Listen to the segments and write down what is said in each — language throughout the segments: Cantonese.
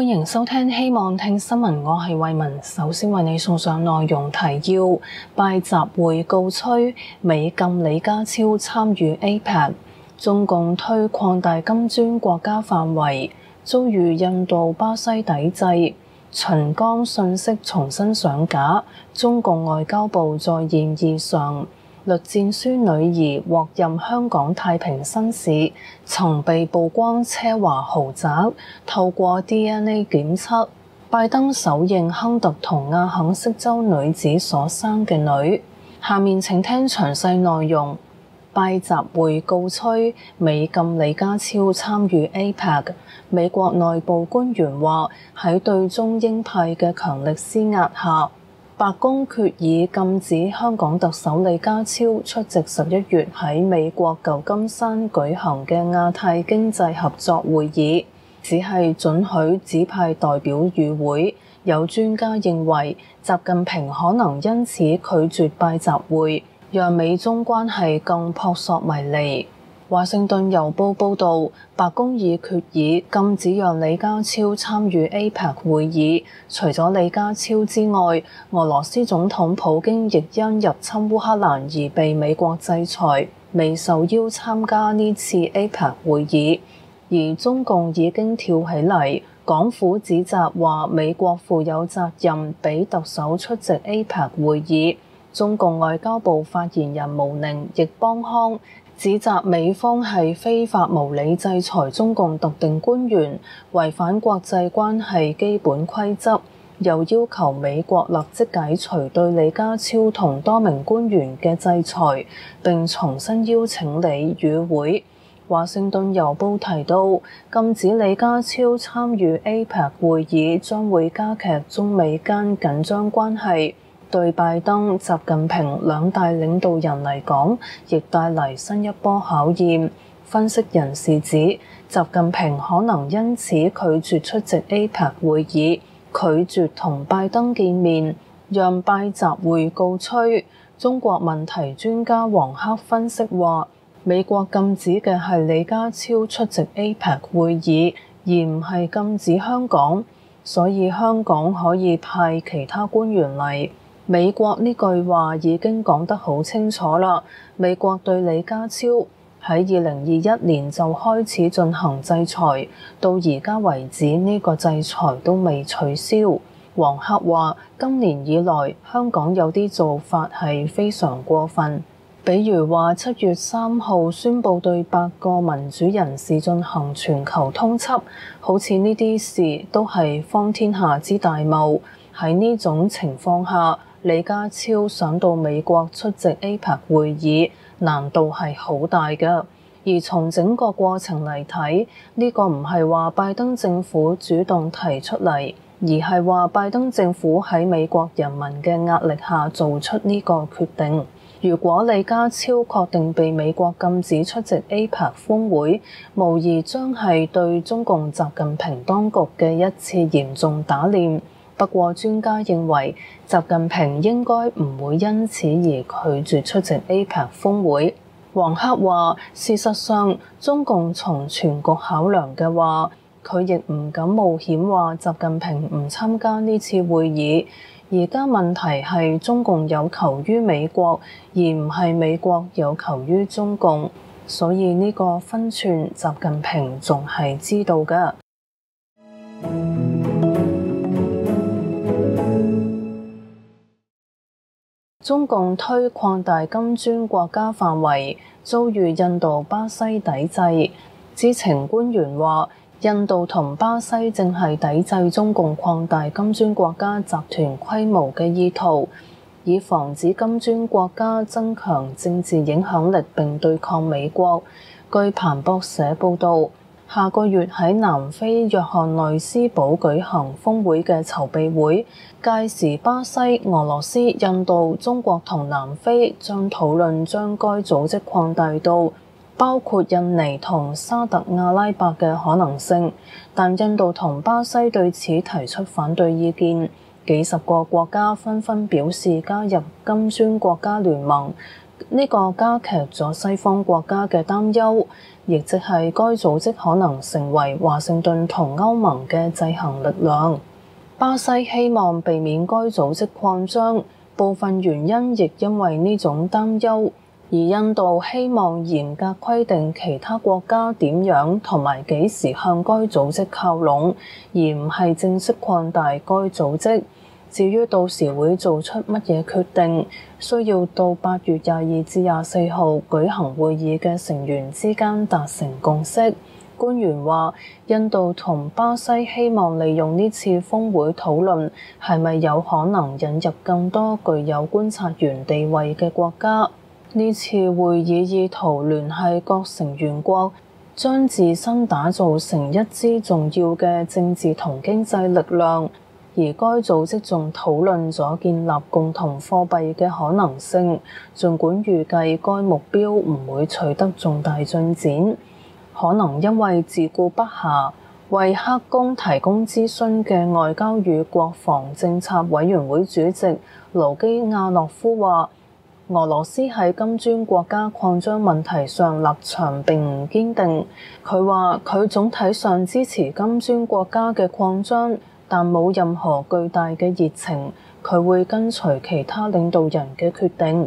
歡迎收聽，希望聽新聞，我係慧雯，首先為你送上內容提要：拜習會告吹，美禁李家超參與 APEC，中共推擴大金磚國家範圍，遭遇印度巴西抵制；秦剛信息重新上架，中共外交部再現異常。律戰書女兒獲任香港太平新市，曾被曝光奢華豪宅。透過 DNA 檢測，拜登首認亨特同亞肯色州女子所生嘅女。下面請聽詳細內容。拜習會告吹，美禁李家超參與 APEC。美國內部官員話，喺對中鷹派嘅強力施壓下，白宮決議禁止香港特首李家超出席十一月喺美國舊金山舉行嘅亞太經濟合作會議，只係准許指派代表與會。有專家認為，習近平可能因此拒絕拜習會，讓美中關係更撲朔迷離。《華盛頓郵報》報導，白宮已決議禁止讓李家超參與 APEC 會議。除咗李家超之外，俄羅斯總統普京亦因入侵烏克蘭而被美國制裁，未受邀參加呢次 APEC 會議。而中共已經跳起嚟，港府指責話美國負有責任俾特首出席 APEC 會議。中共外交部發言人毛寧亦幫腔。指責美方係非法無理制裁中共特定官員，違反國際關係基本規則，又要求美國立即解除對李家超同多名官員嘅制裁，並重新邀請李與會。《華盛頓郵報》提到，禁止李家超參與 APEC 會議將會加劇中美間緊張關係。對拜登、習近平兩大領導人嚟講，亦帶嚟新一波考驗。分析人士指，習近平可能因此拒絕出席 APEC 會議，拒絕同拜登見面，讓拜習會告吹。中國問題專家黃克分析話，美國禁止嘅係李家超出席 APEC 會議，而唔係禁止香港，所以香港可以派其他官員嚟。美國呢句話已經講得好清楚啦。美國對李家超喺二零二一年就開始進行制裁，到而家為止呢個制裁都未取消。黃克話：今年以來，香港有啲做法係非常過分，比如話七月三號宣布對八個民主人士進行全球通緝，好似呢啲事都係荒天下之大謬。喺呢種情況下，李家超想到美國出席 APEC 會議，難度係好大嘅。而從整個過程嚟睇，呢個唔係話拜登政府主動提出嚟，而係話拜登政府喺美國人民嘅壓力下做出呢個決定。如果李家超確定被美國禁止出席 APEC 峯會，無疑將係對中共習近平當局嘅一次嚴重打臉。不過，專家認為習近平應該唔會因此而拒絕出席 APEC 峯會。黃克話：事實上，中共從全局考量嘅話，佢亦唔敢冒險話習近平唔參加呢次會議。而家問題係中共有求於美國，而唔係美國有求於中共，所以呢個分寸，習近平仲係知道嘅。中共推擴大金磚國家範圍，遭遇印度、巴西抵制。知情官員話，印度同巴西正係抵制中共擴大金磚國家集團規模嘅意圖，以防止金磚國家增強政治影響力並對抗美國。據彭博社報道。下個月喺南非約翰內斯堡舉行峰會嘅籌備會屆時，巴西、俄羅斯、印度、中國同南非將討論將該組織擴大到包括印尼同沙特阿拉伯嘅可能性，但印度同巴西對此提出反對意見。幾十個國家紛紛表示加入金磚國家聯盟，呢、這個加劇咗西方國家嘅擔憂。亦即係該組織可能成為華盛頓同歐盟嘅制衡力量。巴西希望避免該組織擴張，部分原因亦因為呢種擔憂，而印度希望嚴格規定其他國家點樣同埋幾時向該組織靠攏，而唔係正式擴大該組織。至於到時會做出乜嘢決定，需要到八月廿二至廿四號舉行會議嘅成員之間達成共識。官員話，印度同巴西希望利用呢次峰會討論係咪有可能引入更多具有觀察員地位嘅國家。呢次會議意圖聯繫各成員國，將自身打造成一支重要嘅政治同經濟力量。而該組織仲討論咗建立共同貨幣嘅可能性，儘管預計該目標唔會取得重大進展，可能因為自顧不暇。為克宮提供諮詢嘅外交與國防政策委員會主席盧基亞諾夫話，俄羅斯喺金磚國家擴張問題上立場並唔堅定。佢話佢總體上支持金磚國家嘅擴張。但冇任何巨大嘅熱情，佢會跟隨其他領導人嘅決定。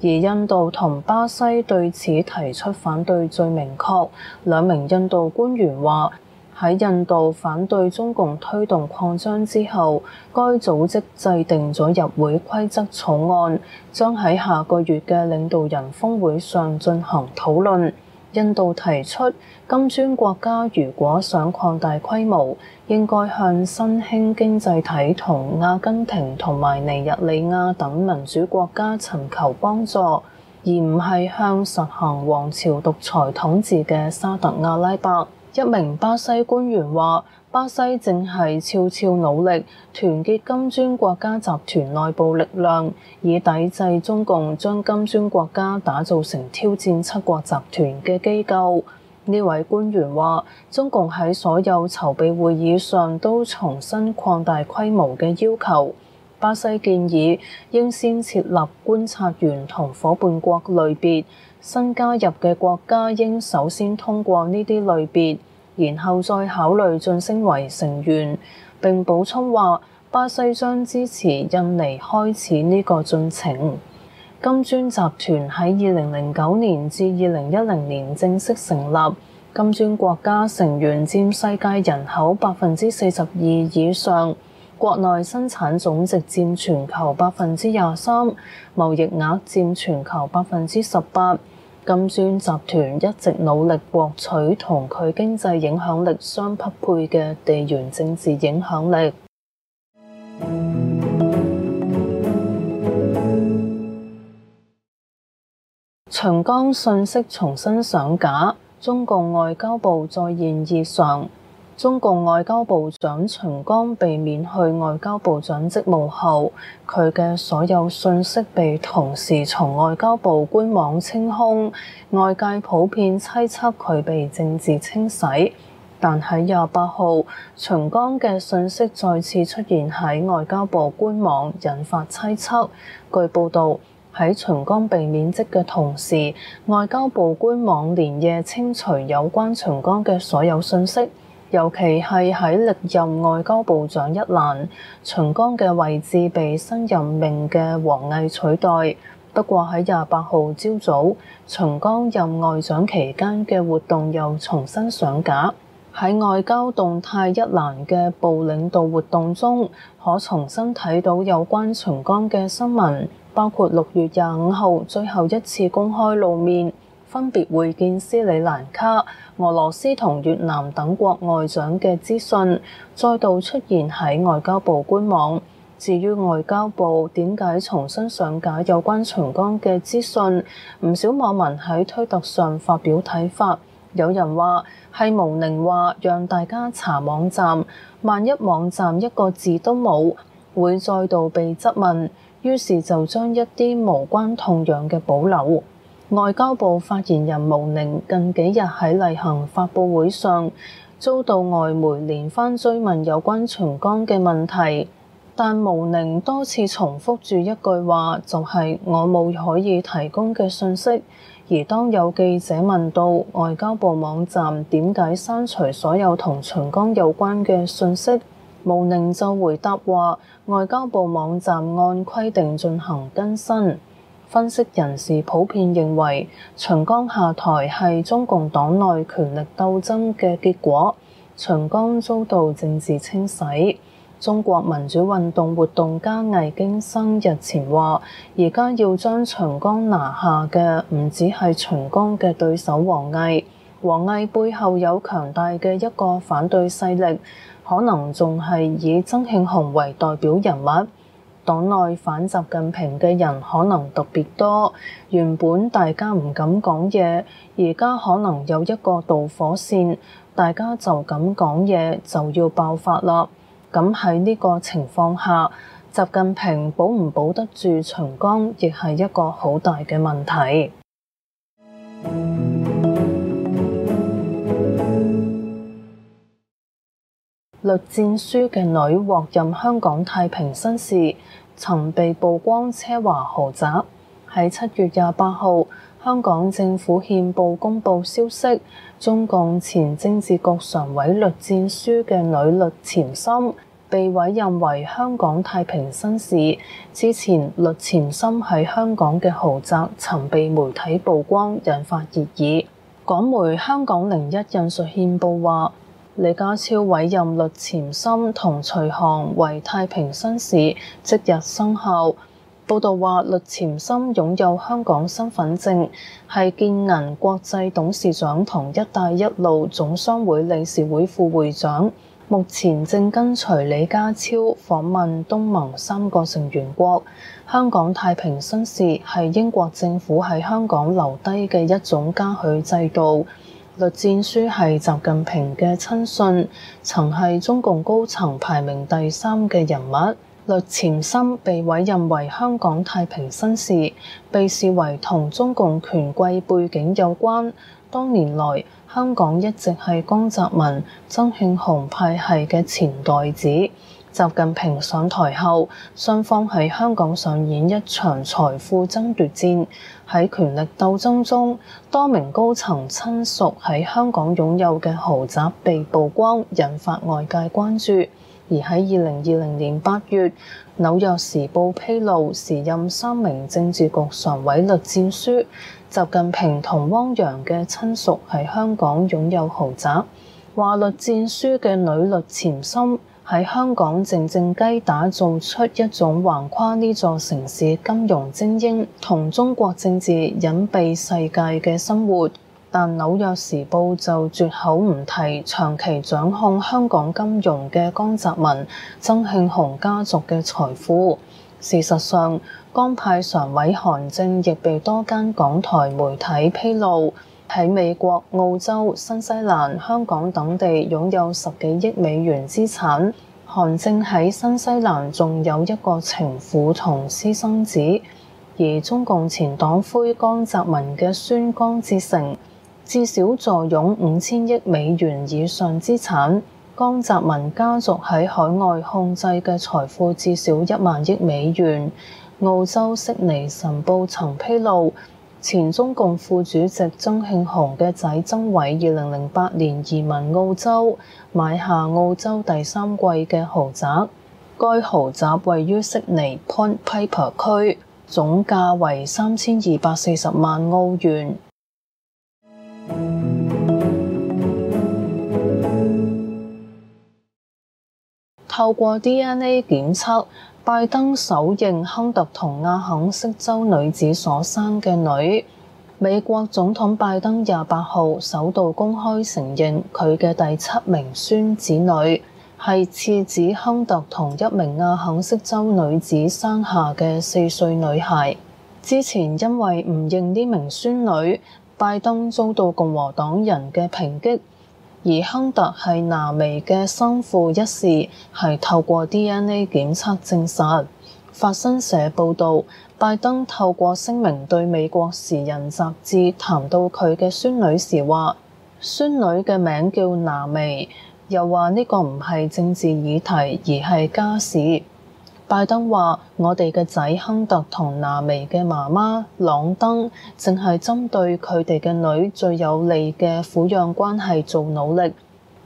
而印度同巴西對此提出反對最明確，兩名印度官員話，喺印度反對中共推動擴張之後，該組織制定咗入會規則草案，將喺下個月嘅領導人峰會上進行討論。印度提出，金磚國家如果想擴大規模，應該向新興經濟體同阿根廷同埋尼日利亞等民主國家尋求幫助，而唔係向實行王朝獨裁統治嘅沙特阿拉伯。一名巴西官員話。巴西正係悄悄努力團結金磚國家集團內部力量，以抵制中共將金磚國家打造成挑戰七國集團嘅機構。呢位官員話，中共喺所有籌備會議上都重新擴大規模嘅要求。巴西建議應先設立觀察員同夥伴國類別，新加入嘅國家應首先通過呢啲類別，然後再考慮晉升為成員。並補充話，巴西將支持印尼開始呢個進程。金磚集團喺二零零九年至二零一零年正式成立。金磚國家成員佔世界人口百分之四十二以上，國內生產總值佔全球百分之廿三，貿易額佔全球百分之十八。金磚集團一直努力獲取同佢經濟影響力相匹配嘅地緣政治影響力。秦 剛訊息重新上架，中共外交部再現異常。中共外交部長秦剛被免去外交部長職務後，佢嘅所有信息被同時從外交部官網清空，外界普遍猜測佢被政治清洗。但喺廿八號，秦剛嘅信息再次出現喺外交部官網，引發猜測。據報道，喺秦剛被免職嘅同時，外交部官網連夜清除有關秦剛嘅所有信息。尤其係喺歷任外交部長一欄，秦剛嘅位置被新任命嘅王毅取代。不過喺廿八號朝早，秦剛任外長期間嘅活動又重新上架。喺外交動態一欄嘅部領導活動中，可重新睇到有關秦剛嘅新聞，包括六月廿五號最後一次公開露面，分別會見斯里蘭卡、俄羅斯同越南等國外長嘅資訊再度出現喺外交部官網。至於外交部點解重新上架有關秦剛嘅資訊，唔少網民喺推特上發表睇法。有人話係無寧話，讓大家查網站，萬一網站一個字都冇，會再度被質問。於是就將一啲無關痛癢嘅保留。外交部發言人毛寧近幾日喺例行發佈會上遭到外媒連番追問有關秦剛嘅問題，但毛寧多次重複住一句話，就係、是、我冇可以提供嘅信息。而當有記者問到外交部網站點解刪除所有同秦剛有關嘅信息，毛寧就回答話外交部網站按規定進行更新。分析人士普遍認為，秦剛下台係中共黨內權力鬥爭嘅結果。秦剛遭到政治清洗。中國民主運動活動家魏京生日前話，而家要將秦剛拿下嘅唔止係秦剛嘅對手王毅，王毅背後有強大嘅一個反對勢力，可能仲係以曾慶紅為代表人物。黨內反習近平嘅人可能特別多，原本大家唔敢講嘢，而家可能有一個導火線，大家就敢講嘢，就要爆發啦。咁喺呢個情況下，習近平保唔保得住長江，亦係一個好大嘅問題。栗戰書嘅女獲任香港太平紳士，曾被曝光奢華豪宅。喺七月廿八號，香港政府憲報公布消息，中共前政治局常委栗戰書嘅女栗潛心被委任為香港太平紳士。之前，栗潛心喺香港嘅豪宅曾被媒體曝光，引發熱議。港媒《香港零一》引述憲報話，李家超委任栗潛心同徐航為太平紳士，即日生效。報道話栗潛心擁有香港身份證，係建銀國際董事長同「一帶一路」總商會理事會副會長，目前正跟隨李家超訪問東盟三個成員國，香港太平紳士係英國政府喺香港留低嘅一種加許制度。《栗戰書係習近平嘅親信，曾係中共高層排名第三嘅人物。栗潛心被委任為香港太平紳士，被視為同中共權貴背景有關。當年來，香港一直係江澤民、曾慶紅派系嘅錢袋子。習近平上台後，雙方喺香港上演一場財富爭奪戰。喺權力鬥爭中，多名高層親屬喺香港擁有嘅豪宅被曝光，引發外界關注。而喺二零二零年八月，《紐約時報》披露，時任三名政治局常委栗戰書、習近平同汪洋嘅親屬喺香港擁有豪宅。話栗戰書嘅女栗潛心。喺香港，靜靜雞打造出一種橫跨呢座城市金融精英同中國政治隱蔽世界嘅生活，但紐約時報就絕口唔提長期掌控香港金融嘅江澤民、曾慶紅家族嘅財富。事實上，江派常委韓正亦被多間港台媒體披露。喺美國、澳洲、新西蘭、香港等地擁有十幾億美元資產。韓正喺新西蘭仲有一個情婦同私生子，而中共前黨魁江澤民嘅孫江志成至少坐擁五千億美元以上資產。江澤民家族喺海外控制嘅財富至少一萬億美元。澳洲悉尼晨報曾披露，前中共副主席曾慶紅嘅仔曾偉，二零零八年移民澳洲，買下澳洲第三季嘅豪宅。該豪宅位於悉尼 Point Piper 區，總價為三千二百四十萬澳元。透過 DNA 檢測。拜登首認亨特同阿肯色州女子所生嘅女。美國總統拜登廿八號首度公開承認佢嘅第七名孫子女係次子亨特同一名阿肯色州女子生下嘅四歲女孩。之前因為唔認呢名孫女，拜登遭到共和黨人嘅抨擊。而亨特係娜薇嘅生父一事係透過 DNA 檢測證實。法新社報導，拜登透過聲明對美國時人雜誌談到佢嘅孫女時話：孫女嘅名叫娜薇，又話呢個唔係政治議題，而係家事。拜登話：我哋嘅仔亨特同娜薇嘅媽媽朗登淨係針對佢哋嘅女最有利嘅撫養關係做努力，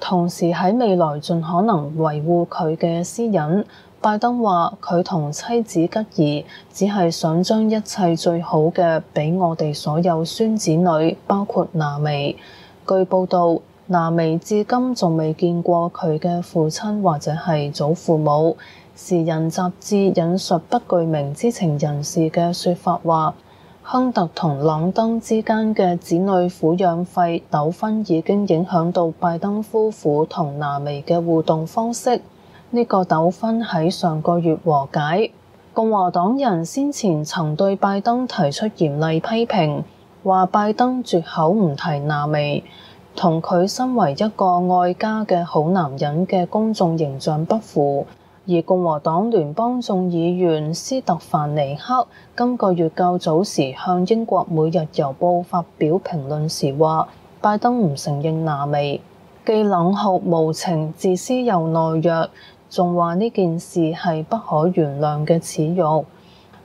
同時喺未來盡可能維護佢嘅私隱。拜登話：佢同妻子吉爾只係想將一切最好嘅俾我哋所有孫子女，包括娜薇。據報道，娜薇至今仲未見過佢嘅父親或者係祖父母。時人雜誌引述不具名知情人士嘅說法說，話亨特同朗登之間嘅子女撫養費糾紛已經影響到拜登夫婦同娜薇嘅互動方式。呢、這個糾紛喺上個月和解。共和黨人先前曾對拜登提出嚴厲批評，話拜登絕口唔提娜薇，同佢身為一個愛家嘅好男人嘅公眾形象不符。而共和黨聯邦眾議員斯特凡尼克今個月較早時向英國每日郵報發表評論時話，拜登唔承認拿美，既冷酷無情、自私又懦弱，仲話呢件事係不可原諒嘅恥辱。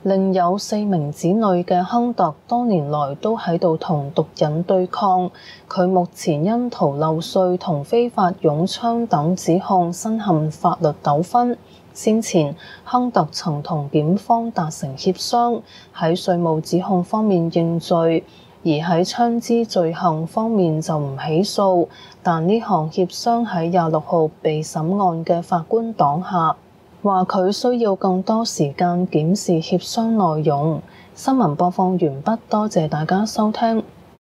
另有四名子女嘅亨特，多年來都喺度同毒癮對抗。佢目前因逃漏稅同非法擁槍等指控身陷法律糾紛，先前亨特曾同檢方達成協商，喺稅務指控方面認罪，而喺槍支罪行方面就唔起訴，但呢項協商喺廿六號被審案嘅法官擋下。話佢需要更多時間檢視協商內容。新聞播放完畢，多謝大家收聽。